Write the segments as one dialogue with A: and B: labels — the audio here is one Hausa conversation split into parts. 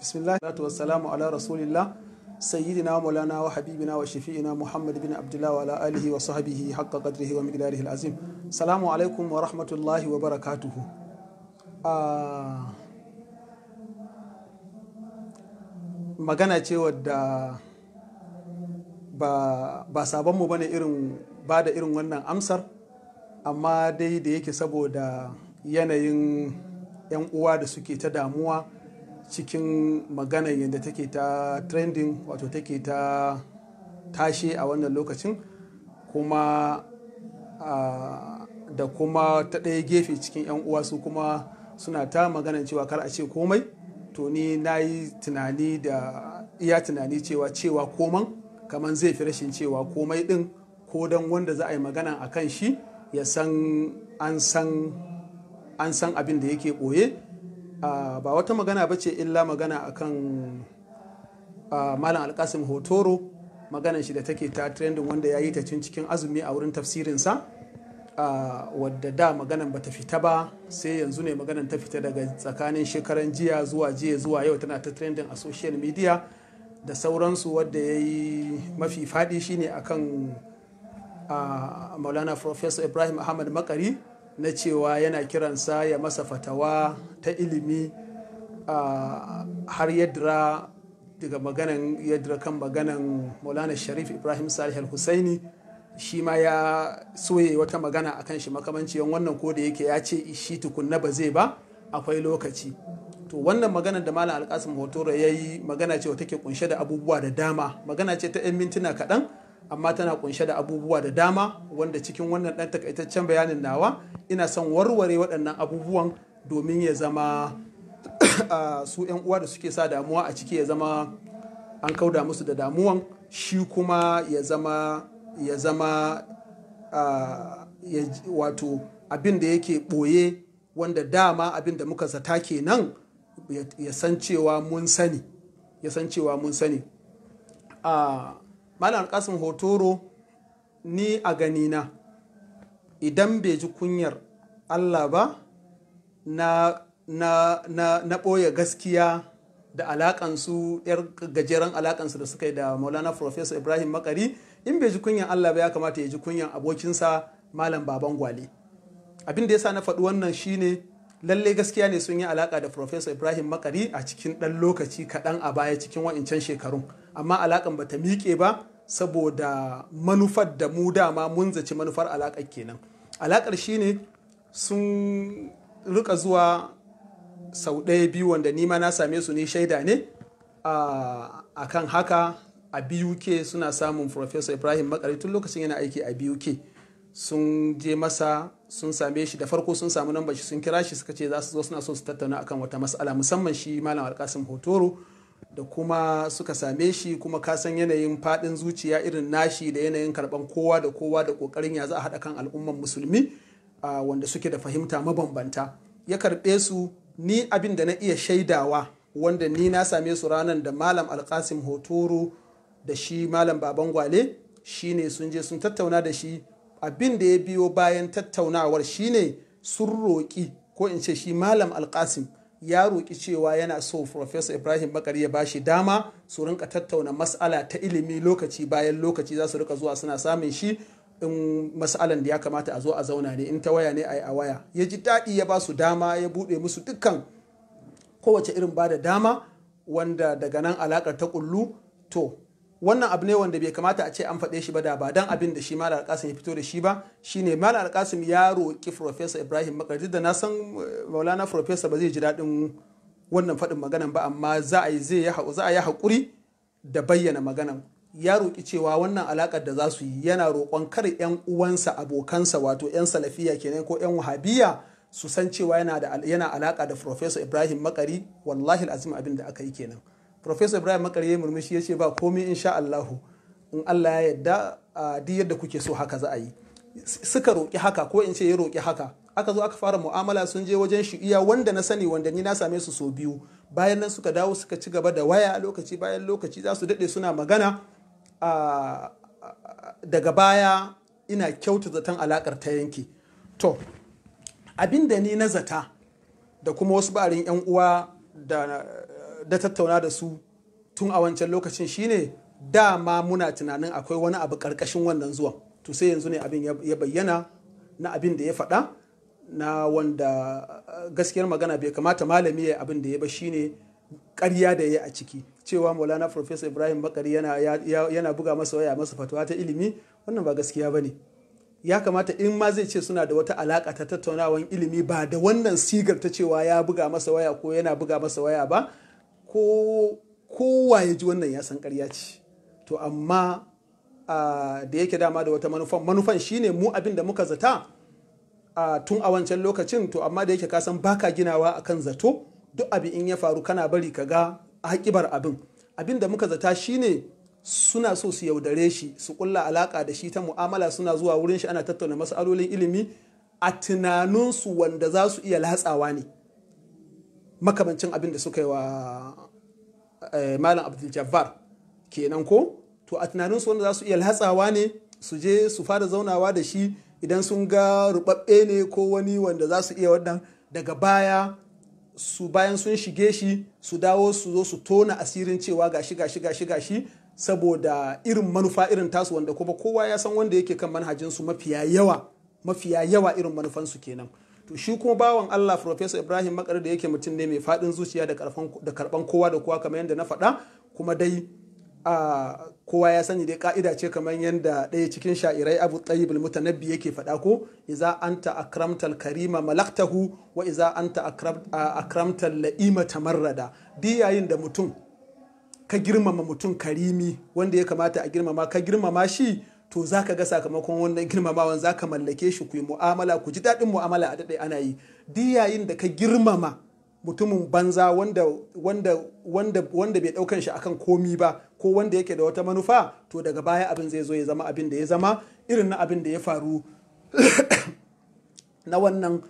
A: bismillah salatu wassalamu ala rasulillah sayyidina maulana wa habibina wa shafi'ina muhammad bin abdullah wa ala alihi wa sahbihi haqqa qadrihi wa miqdarihi alazim salamu alaikum wa rahmatullahi wa barakatuhu ah, magana ce wadda ba, sabonmu ba ne irin ba da irin wannan amsar amma dai da yake saboda yanayin 'yan uwa da suke ta damuwa cikin magana yadda take ta trending wato take ta tashe a wannan lokacin kuma da kuma ta ɗaya gefe cikin 'yan uwa su kuma suna ta magana cewa kar a ce komai to ni na yi tunani da iya tunani cewa cewa koman kamar zai fi rashin cewa komai ɗin ko don wanda za a yi magana a kan shi ya san an san abin da yake ɓoye Ah, ba wata magana ba ce illa magana akan ah, malam alkasim hotoro maganan shi da take ta trending wanda ya yi ta cin cikin azumi a wurin tafsirinsa ah, wadda da maganan ba ta fita ba sai yanzu ne maganan ta fita daga tsakanin shekaran jiya zuwa jiya zuwa yau tana ta trending a social media da sauransu wadda ya yi mafi faɗi shine akan maulana professor ibrahim ahmad makari na cewa yana kiransa ya masa fatawa ta ilimi har yadda daga maganan yadda kan maganan maulana sharif ibrahim salih al-husaini shi ma ya soye wata magana a kan shi makamanciyan wannan ko da yake ya ce ishi tukunna ba zai ba akwai lokaci to wannan magana da malam alkasim hotoro ya yi magana ce ke kunshe da abubuwa da dama magana ce ta 'yan mintuna kaɗan amma tana kunshe da abubuwa da dama wanda cikin wannan ɗan takaitaccen bayanin nawa ina son warware waɗannan abubuwan domin ya zama su 'yan uwa da suke sa damuwa a ciki ya zama an kauda musu da damuwan shi kuma ya zama ya zama wato abin da yake ɓoye wanda dama abin da muka zata kenan ya san cewa mun sani ya san cewa mun sani malam alkasim hotoro ni a ganina idan bai ji kunyar allah ba na na na na ɓoye gaskiya da alakansu yar gajeren alakansu da suka yi da maulana professor ibrahim makari in bai ji kunyan allah ba ya kamata ya ji kunyan abokinsa malam baban gwale abin da ya sa na faɗi wannan shine lalle gaskiya ne sun yi alaka da professor ibrahim makari a cikin ɗan lokaci kaɗan a baya cikin wa'incan shekarun amma alaƙan ba ta miƙe ba saboda manufar da mu dama mun zaci manufar alaƙar kenan shi ne sun rika zuwa sau ɗaya biyu wanda nima na same su ni shaida ne a kan haka a BUK suna samun Professor Ibrahim makari tun lokacin yana aiki a BUK sun je masa sun same shi da farko sun samu nambar shi sun kira shi suka ce za su zo suna so su tattauna akan wata matsala musamman shi Malam Alkasim Hotoro da kuma suka same shi kuma ka san yanayin faɗin zuciya irin nashi da yanayin karban kowa da kowa da kokarin ya za a haɗa kan al'umman musulmi wanda suke da fahimta mabambanta ya karɓe su ni abin da na iya shaidawa wanda ni na same su ranar da malam alkasim hotoro da shi malam baban gwale shine sun je sun tattauna da shi abin da ya biyo bayan tattaunawar shine sun roƙi ko in ce shi malam alkasim ya roƙi cewa yana so Professor Ibrahim Bakari ya bashi dama su rinka tattauna mas'ala ta ilimi lokaci bayan lokaci za su rika zuwa suna samun shi in mas'alan da ya kamata a zo a zauna ne in ta waya ne a yi a waya ya ji daɗi ya ba su dama ya buɗe musu dukkan kowace irin ba da dama wanda daga nan alaƙar ta kullu to wannan abu ne wanda bai kamata a ce an faɗe shi ba da ba dan abin da shi malam alƙasim ya fito da shi ba shine malam alƙasim ya roƙi professor ibrahim makarji da na san eh, maulana professor ba zai ji daɗin wannan faɗin maganan ba amma za a yi zai za a yi haƙuri da bayyana maganan ya roƙi cewa wannan alaƙar da za su yi yana roƙon kar 'yan uwansa abokansa wato 'yan salafiya kenan ko 'yan wahabiya su san cewa yana alaƙa da professor ibrahim makari wallahi azim abin da aka yi kenan Professor Ibrahim Makarye murmushi ya ce ba komai insha Allahu in Allah ya yadda a duk yadda kuke so haka za a yi. Suka roƙi haka ko in ce ya roƙi haka. Aka zo aka fara mu'amala sun je wajen shi iya wanda na sani wanda ni na same su sau biyu. Bayan nan suka dawo suka ci gaba da waya lokaci bayan lokaci za su daɗe suna magana daga baya ina kyauta zaton alakar ta yanke. To, abin da ni na zata da kuma wasu barin 'yan uwa da da tattauna da su tun a wancan lokacin shine dama muna tunanin akwai wani abu karkashin wannan zuwa. to sai yanzu ne abin ya bayyana na abin da ya faɗa na wanda eh, gaskiyar magana bai kamata malami ya abin da ya ba shine ƙarya da ya a ciki cewa maulana professor ibrahim bakari yana, yana buga masa waya masa fatawa ta ilimi wannan ba gaskiya ba ne ya kamata in ma zai ce suna da wata alaƙa ta tattaunawan ilimi ba da wannan sigar ta cewa ya buga masa waya ko yana buga masa waya ba ko kowa ya ji wannan ya san karya ce to amma da yake dama da wata manufan manufan shine mu abin da muka zata tun a wancan lokacin to amma da yake kasan baka ginawa akan zato duk abin in ya faru kana bari ka ga haƙibar abin abin da muka zata shine suna so su yaudare shi su kulla alaka da shi ta mu'amala suna zuwa wurin shi ana tattauna masalolin ilimi a tunaninsu wanda za su iya latsawa ne makamancin abin da suka yi wa eh, malam abdul jabbar kenan ko to a tunanin su wanda za su iya latsawa ne su je su fara zaunawa da shi idan sun ga rubabbe ne ko wani wanda za su iya wannan daga baya su bayan sun shige shi su dawo su zo su tona asirin cewa gashi gashi gashi gashi saboda irin manufa irin tasu wanda kuma kowa ya san wanda yake kan manhajinsu mafiya yawa mafiya yawa irin manufansu kenan to shi kuma bawan Allah Professor Ibrahim Makar da yake mutum ne mai faɗin zuciya da karban kowa da kowa kamar yadda na faɗa kuma dai a kowa ya sani dai ka'ida ce kamar yadda ɗaya cikin sha'irai Abu Tayyib al-Mutanabbi yake faɗa ko iza anta akramtal karima malaktahu wa iza anta akramtal la'ima tamarrada di yayin da mutum ka girmama mutum karimi wanda ya kamata a girmama ka girmama shi to za ka ga sakamakon wannan girmamawan za ka mallake shi ku yi mu'amala ku ji daɗin mu'amala a daɗe ana yi diyayin yayin da ka girmama mutumin banza wanda bai ɗaukan shi akan komi ba ko wanda yake da wata manufa to daga baya abin zai zo ya zama abin da ya zama irin na abin da ya faru na wannan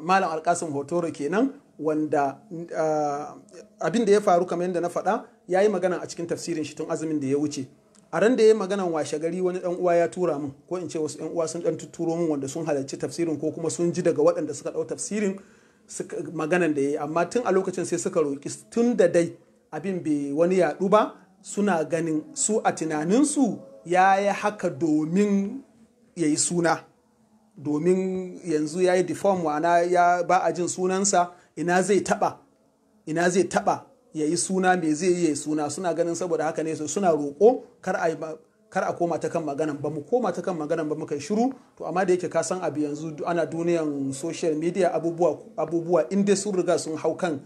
A: malam alkasin hotoro kenan wanda abin da ya faru kamar yadda na faɗa ya yi magana a cikin tafsirin shi tun azumin da ya wuce a ran da ya maganan washe gari wani dan uwa ya tura min ko in ce wasu yan uwa sun dan tuturo min wanda sun halarci tafsirin ko kuma sun ji daga waɗanda suka dau tafsirin maganan da ya yi amma tun a lokacin sai suka roki tun da dai abin bai wani yaɗu ba suna ganin su a tunaninsu ya yi haka domin ya yi suna domin yanzu ya yi deform wana ya ba a jin sunansa ina zai taɓa ina zai taɓa ya yi suna mai zai yi suna suna ganin saboda haka ne suna roƙo kar a kar a koma ta kan maganan ba mu koma ta kan maganan ba muka shiru to amma da yake ka san abu yanzu ana duniyan social media abubuwa abubuwa in dai sun riga sun hau kan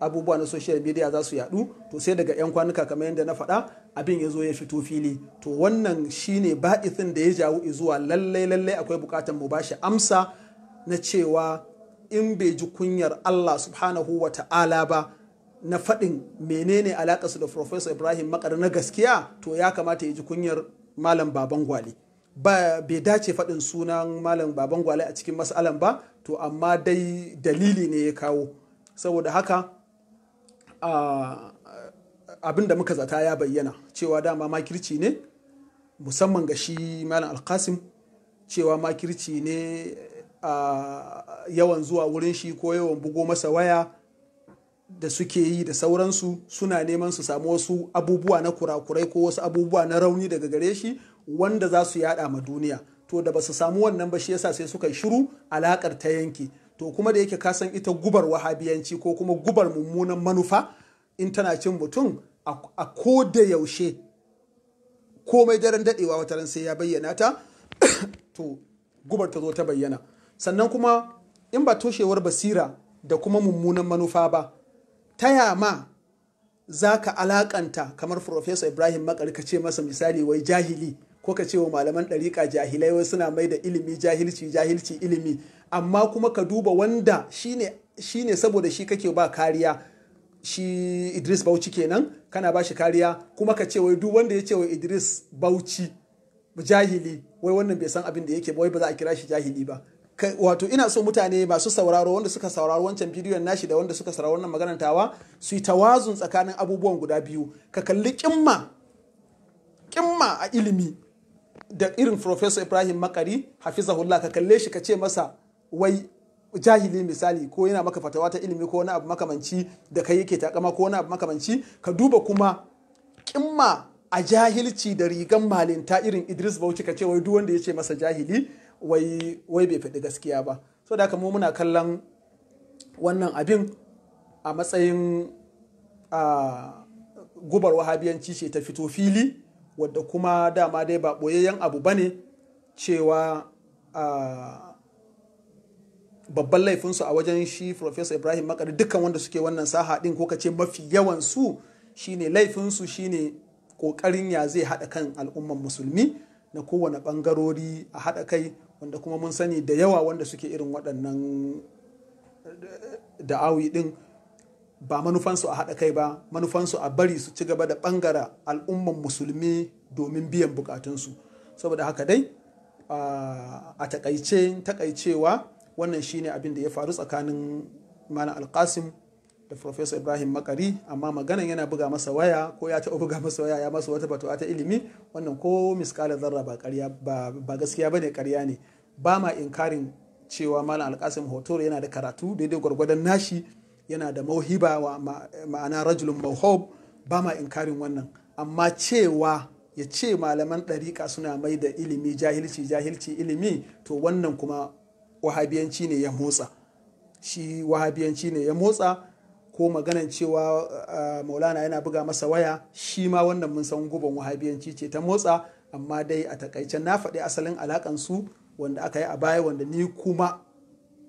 A: abubuwa na social media za su yadu to sai daga yan kwanuka kamar yadda na faɗa abin ya zo ya fito fili to wannan shine ba'ithin da ya jawo zuwa lallai lallai akwai bukatan mu bashi amsa na cewa in bai ji kunyar Allah subhanahu wa ta'ala ba na faɗin menene alaƙarsu da Professor Ibrahim Makar na gaskiya to ya kamata ya ji kunyar Malam Baban Gwale. Ba bai dace faɗin sunan Malam Baban Gwale a cikin mas'alan ba to amma dai dalili ne ya kawo. Saboda haka abin da muka zata ya bayyana cewa dama makirci ne musamman ga shi Malam Alkasim cewa makirci ne a yawan zuwa wurin shi ko yawan bugo masa waya. da suke yi da sauransu suna neman su samu wasu abubuwa na kurakurai ko wasu abubuwa na rauni daga gare shi wanda za su yada ma duniya to da ba su samu wannan ba shi yasa sai suka yi shiru alakar ta yanke to kuma da yake kasan ita gubar wahabiyanci ko kuma gubar mummunan manufa in tana cin mutum a ko da yaushe komai daren dadewa wata ran sai ya bayyana ta to gubar ta zo ta bayyana sannan kuma in ba toshewar basira da kuma mummunan manufa ba taya ma za ka alakanta kamar Profesa Ibrahim Makari ka ce masa misali wai jahili ko ka ce wa malaman ɗariƙa jahilai wai suna mai da ilimi jahilci jahilci ilimi amma kuma ka duba wanda shi ne saboda shi kake ba kariya shi Idris Bauchi kenan kana ba shi kariya kuma ka ce wai duk wanda ya ce wa Idris Bauchi jahili wai wannan bai san abin da yake ba wai ba za a kira shi jahili ba wato ina so mutane masu sauraro wanda suka sauraro wancan bidiyon nashi da wanda suka sauraro wannan maganar tawa su yi tawazun tsakanin abubuwan guda biyu ka kalli kimma kimma a ilimi da irin professor Ibrahim Makari hafizahullah ka kalle shi ka ce masa wai jahili misali ko yana maka fatawa ta ilimi ko wani abu makamanci da kai yake takama ko wani abu makamanci ka duba kuma kimma a jahilci da rigan malinta irin Idris Bauchi ka ce wai duk wanda ya ce masa jahili wai bai faɗi gaskiya ba so da mu muna kallon wannan abin a matsayin gubar wahabiyanci ce ta fito fili wadda kuma dama dai ba ɓoyayyen abu ba ne cewa babban laifinsu a wajen shi Professor Ibrahim Makari dukkan wanda suke wannan saha ɗin ko kace mafi yawan su shine laifinsu shine ƙoƙarin ya zai haɗa kan al'umman musulmi na kowane ɓangarori a haɗa kai wanda kuma mun sani da yawa wanda suke irin waɗannan eh, da'awi ɗin ba manufansu a haɗa kai ba manufansu a bari su ci gaba da ɓangara al'umman musulmi domin biyan bukatunsu saboda haka dai a takaice takaicewa wannan shine abin da ya faru tsakanin mana alkasim da Professor Ibrahim Makari amma maganan yana buga masa waya ko ya taɓa buga masa waya ya masa wata batuwa ta ilimi wannan ko miskala zarra ba ƙarya ba gaskiya bane ƙarya ne ba ma inkarin cewa Malam Alkasim Hotoro yana da karatu daidai gwargwadon nashi yana da mauhiba wa ma'ana rajulun mauhub ba ma inkarin wannan amma cewa ya ce malaman ɗariƙa suna mai da ilimi jahilci jahilci ilimi to wannan kuma wahabiyanci ne ya motsa shi wahabiyanci ne ya motsa ko maganan cewa eh, maulana yana buga masa waya shi ma wannan mun san guban wahabiyanci ce ta motsa amma dai a takaice na faɗi asalin alakan su wanda aka yi a baya wanda ni kuma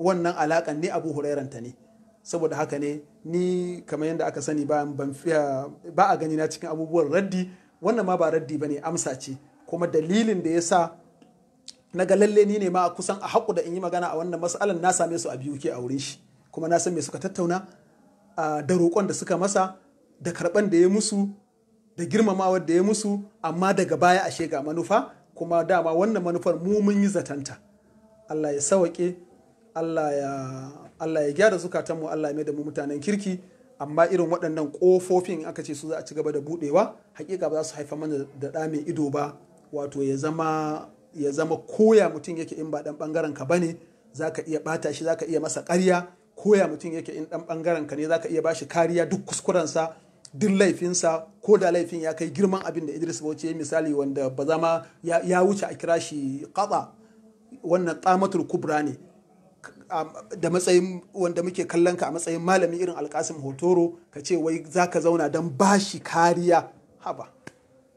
A: wannan alakan ni abu hurairanta ne saboda haka ne ni kamar yadda aka sani eh, ba a gani na cikin abubuwan raddi wannan ma ba raddi ba ne amsa ce kuma dalilin da ya sa na ga lalle ni ne ma kusan a haƙu da in yi magana a wannan matsalar na same su a biyu ke a wurin shi kuma na san me suka tattauna da roƙon da suka masa da karɓan da ya musu da girmamawar da ya musu amma daga baya ashe ga manufa kuma dama wannan manufar mu mun yi zatanta Allah ya sawaƙe Allah ya Allah ya gyara zukatanmu Allah ya mai da mu mutanen kirki amma irin waɗannan ƙofofin aka ce su za a ci gaba da buɗewa hakika ba za su haifa mana da ɗa mai ido ba wato ya zama ya zama koya mutum yake in ba ɗan ɓangaren ka bane za ka iya ɓata shi za ka iya masa ƙarya koya mutum yake in dan bangaren ka ne zaka iya bashi kariya duk kuskurensa duk laifinsa ko da laifin ya kai girman abin da Idris Bauchi ya misali wanda ba za ya wuce a kira shi qada wannan qamatul kubra ne da matsayin wanda muke kallon ka a matsayin malami irin alkasim hotoro ka ce wai zaka zauna don bashi kariya haba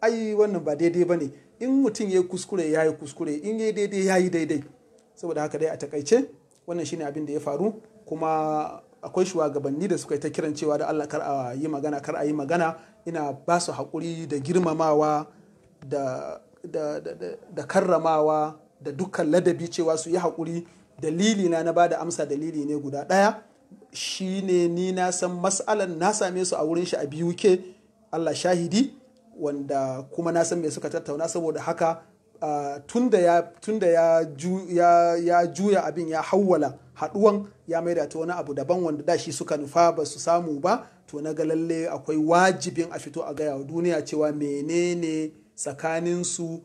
A: ai wannan ba daidai ba ne in mutum ya kuskure ya yi kuskure in ya daidai ya yi daidai saboda haka dai a takaice wannan shine abin da ya faru kuma akwai shugabanni da suka yi ta kiran cewa da Allah kar a yi magana kar a yi magana ina ba su haƙuri da girmamawa da, karramawa da dukkan ladabi cewa su yi haƙuri dalili na na ba da amsa dalili ne guda ɗaya shine ni na san mas'alan na same su a wurin shi a biyu ke Allah shahidi wanda kuma na san me suka tattauna saboda haka tunda ya juya abin ya hawwala haduwan ya maida ta wani abu daban wanda da shi suka nufa ba su samu ba to na ga lalle akwai wajibin a fito a gaya wa duniya cewa menene tsakaninsu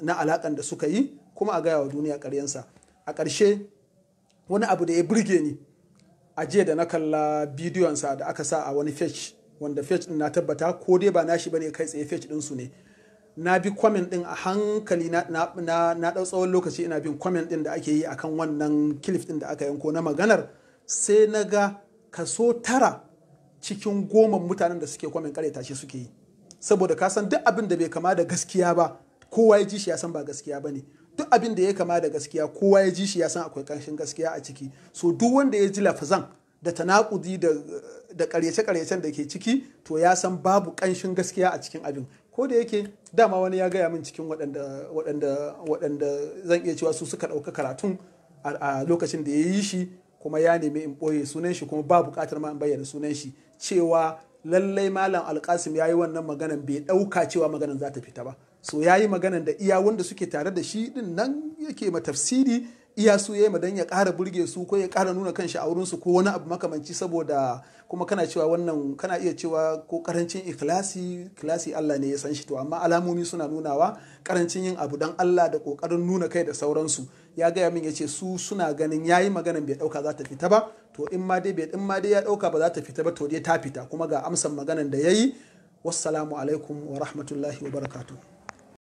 A: na alakan da suka yi kuma a gaya wa duniya karyansa a ƙarshe wani abu da ya burge ni a jiya da na kalla bidiyonsa da aka sa a wani fetch wanda fetch din na tabbata ko dai ba nashi bane kai tsaye fetch ɗinsu ne na bi kwamen din a hankali na na tsawon lokaci ina bin kwamen din da ake yi akan wannan kilif din da aka yanko na maganar sai na ga kaso tara cikin goma mutanen da suke kwamen kareta shi suke yi saboda ka san duk abin da bai kama da gaskiya ba kowa ya ji shi ya san ba gaskiya ba ne duk abin da ya kama da gaskiya kowa ya ji shi ya san akwai ƙanshin gaskiya a ciki so duk wanda ya ji lafazan da tanakudi da da karyace-karyacen da ke ciki to ya san babu ƙanshin gaskiya a cikin abin ko da yake dama wani ya gaya min cikin waɗanda zan iya cewa su suka ɗauka karatun a lokacin da ya yi shi kuma ya nemi in ɓoye sunan shi kuma ba buƙatar ma in bayyana sunan shi cewa lallai malam alkasim ya yi wannan maganan bai ɗauka cewa maganan za ta fita ba so ya yi maganan da iya wanda suke tare da shi ɗin nan yake ma tafsiri iya su yayi madan ya kara burge su ko ya kara nuna kan a su ko wani abu makamanci saboda kuma kana cewa wannan kana iya cewa ko karancin ikhlasi ikhlasi Allah ne ya san shi to amma alamomi suna nunawa karancin yin abu dan Allah da kokarin nuna kai da sauransu ya gaya min ya ce su suna ganin yayi maganan bai dauka za ta fita ba to in ma dai bai in ma dai ya dauka ba za ta fita ba to dai ta fita kuma ga amsan maganan da ya yi wassalamu alaikum wa rahmatullahi wa barakatuh